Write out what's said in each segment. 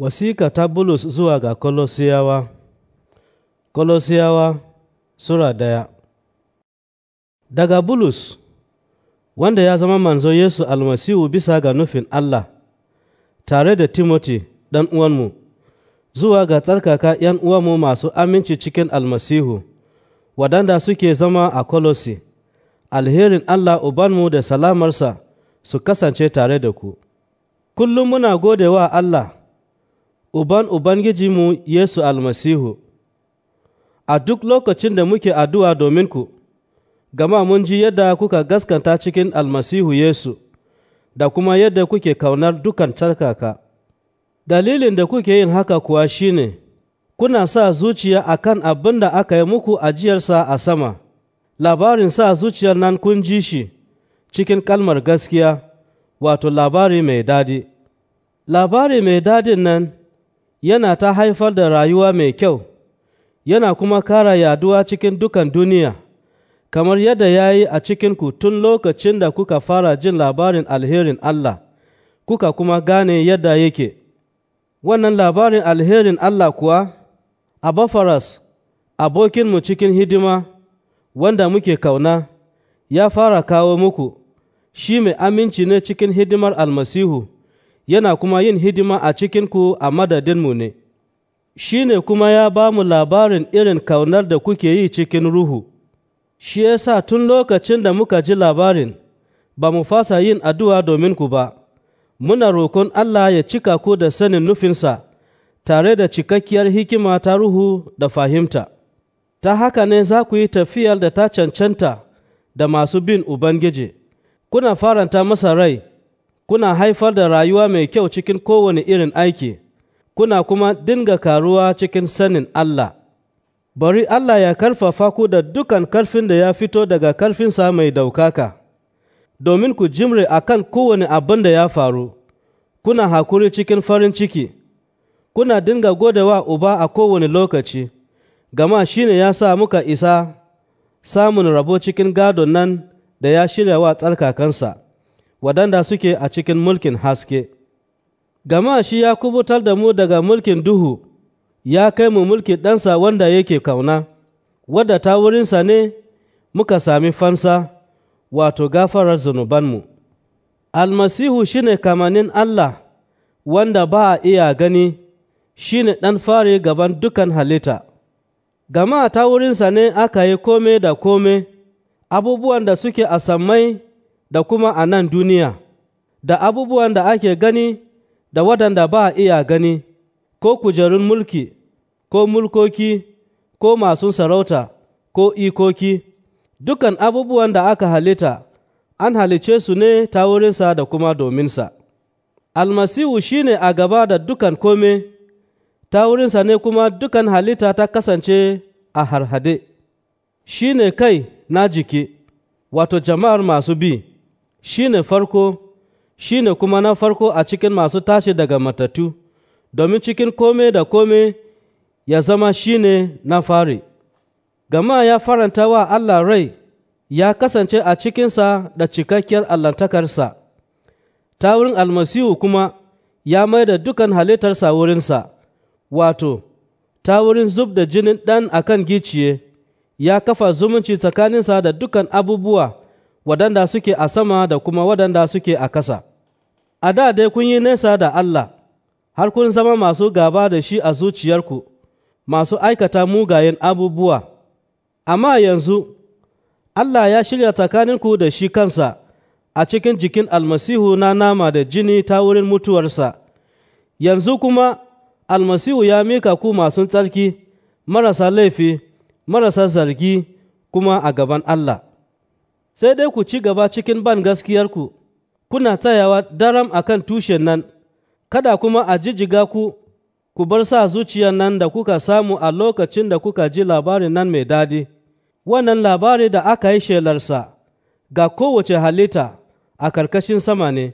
Wasika ta Bulus zuwa ga Kolosiyawa Kolosiyawa Sura daya Daga Bulus, wanda ya zama manzo Yesu almasihu bisa ga nufin Allah, tare da Timoti ɗan uwanmu, zuwa ga tsarkaka ‘yan uwanmu masu aminci cikin almasihu, waɗanda suke zama a Kolosi, alherin Allah Ubanmu da salamarsa su kasance tare da ku. Kullum muna gode wa Allah. uban mu Yesu almasihu, a duk lokacin da muke addu'a domin ku, gama mun ji yadda kuka gaskanta cikin almasihu Yesu, da kuma yadda kuke kaunar dukan tarkaka. Dalilin da kuke yin haka kuwa shine kuna sa zuciya kan abin da aka yi muku ajiyarsa a sama, labarin sa zuciyar nan kun ji shi cikin kalmar gaskiya, wato labari mai dadi. Labari mai dadin nan yana ta haifar da rayuwa mai kyau, yana kuma kara yaduwa cikin dukan duniya, kamar yadda ya yi a cikinku tun lokacin da kuka fara jin labarin alherin Allah, kuka kuma gane yadda yake. Wannan labarin alherin Allah kuwa, a bafaras, abokinmu cikin hidima, wanda muke kauna, ya fara kawo muku, shi mai aminci ne cikin hidimar almasihu. yana kuma yin hidima a cikinku a madadinmu ne, shi ne kuma ya ba mu labarin irin kaunar da kuke yi cikin ruhu, shi ya sa tun lokacin da muka ji labarin ba mu fasa yin addu'a domin ku ba, muna rokon Allah ya cika ku da sanin nufinsa tare da cikakkiyar hikima ta ruhu da fahimta, ta haka ne za ku yi tafiyar da ta cancanta da masu bin Ubangiji, kuna faranta masa rai. kuna haifar da rayuwa mai kyau cikin kowane irin aiki, kuna kuma dinga karuwa cikin sanin Allah. Bari Allah ya karfafa ku da dukan karfin da ya fito daga karfinsa mai daukaka, domin ku jimre a kan kowane abin da ya faru, kuna hakuri cikin farin ciki, kuna dinga wa uba a kowane lokaci, gama shi ne ya sa muka isa samun rabo cikin gadon nan da ya shirya wa tsarkakansa. waɗanda suke a cikin mulkin haske gama shi ya kubutar da mu daga mulkin duhu ya kai mu mulki ɗansa wanda yake kauna wadda ta wurinsa ne muka sami fansa wato gafarar zunubanmu almasihu shi ne kamanin allah wanda ba a iya gani shi ne ɗan fari gaban dukan halitta gama ta wurinsa ne aka yi kome da kome abubuwan da suke a sammai da kuma a nan duniya, da abubuwan da ake gani da waɗanda ba iya gani, ko kujerun mulki, ko mulkoki, ko masu sarauta, ko ikoki, dukan abubuwan da aka halitta, an halice su ne ta wurinsa da kuma dominsa. Almasihu shi ne a gaba da dukan kome, ta wurinsa ne kuma dukan halitta ta kasance a harhade, shi ne kai na jiki, wato jama'ar masu bi. shi ne farko, shi ne kuma na farko a cikin masu tashi daga matattu, domin cikin kome da kome ya zama shi ne na fari. Gama ya faranta wa Allah rai ya kasance a cikinsa da cikakkiyar allantakarsa, ta wurin almasihu kuma ya mai da dukan halittarsa wurinsa, wato, ta wurin zub da jinin ɗan kan giciye, ya kafa zumunci tsakaninsa da dukan abubuwa. waɗanda suke a sama da kuma waɗanda suke a ƙasa. A da dai kun yi nesa da Allah, har kun zama masu gaba da shi a zuciyarku, masu aikata mugayen abubuwa. Amma yanzu, Allah ya shirya tsakaninku da shi kansa a cikin jikin almasihu na nama da jini ta wurin mutuwarsa. Yanzu kuma, almasihu ya mika ku masu tsarki, marasa laifi, marasa zargi, kuma a gaban Allah. sai dai ku ci gaba cikin ban gaskiyarku, kuna tsayawa daram a kan tushen nan, kada kuma a jijjiga ku, ku bar sa zuciyar nan da kuka samu a lokacin da kuka ji labarin nan mai dadi, wannan labari da aka yi shelarsa ga kowace halitta a karkashin sama ne,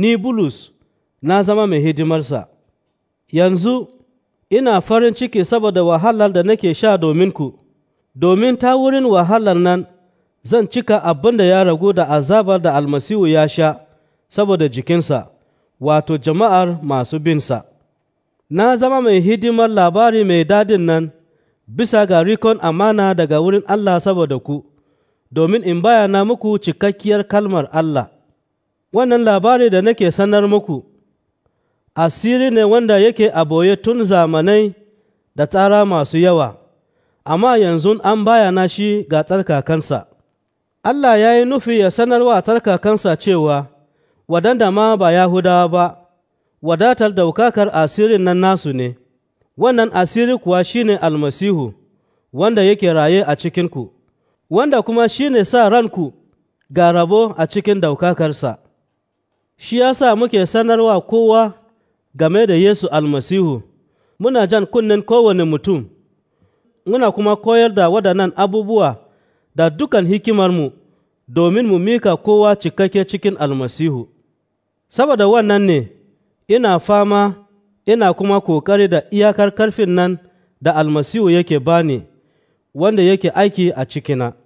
ni Bulus na zama mai hidimarsa. Yanzu ina farin ciki saboda wahalar da nake sha domin domin ta wurin wahalar nan zan cika abin da ya ragu da azabar da almasihu ya sha saboda jikinsa wato jama'ar masu binsa na zama mai hidimar labari mai dadin nan bisa ga rikon amana daga wurin Allah saboda ku domin in bayana muku cikakkiyar kalmar Allah wannan labari da nake sanar muku asiri ne wanda yake a boye tun zamanai da tsara masu yawa amma yanzu an bayana shi ga tsarkakansa. Allah ya yi nufi ya sanarwa a tsarkakansa cewa, waɗanda ma ba Yahudawa ba, wadatar daukakar asirin nan nasu ne, wannan asiri kuwa shine almasihu, wanda yake raye a cikinku, wanda kuma shine sa ranku ga rabo a cikin daukakarsa. Shi ya sa muke sanarwa kowa game da Yesu almasihu, muna jan kunnen kowane mutum, muna kuma koyar da waɗannan abubuwa da dukan hikimarmu domin mu mika kowa cikakke cikin almasihu. Saboda wannan ne, ina fama ina kuma kokari da iyakar karfin nan da almasihu yake bani wanda yake aiki a cikina.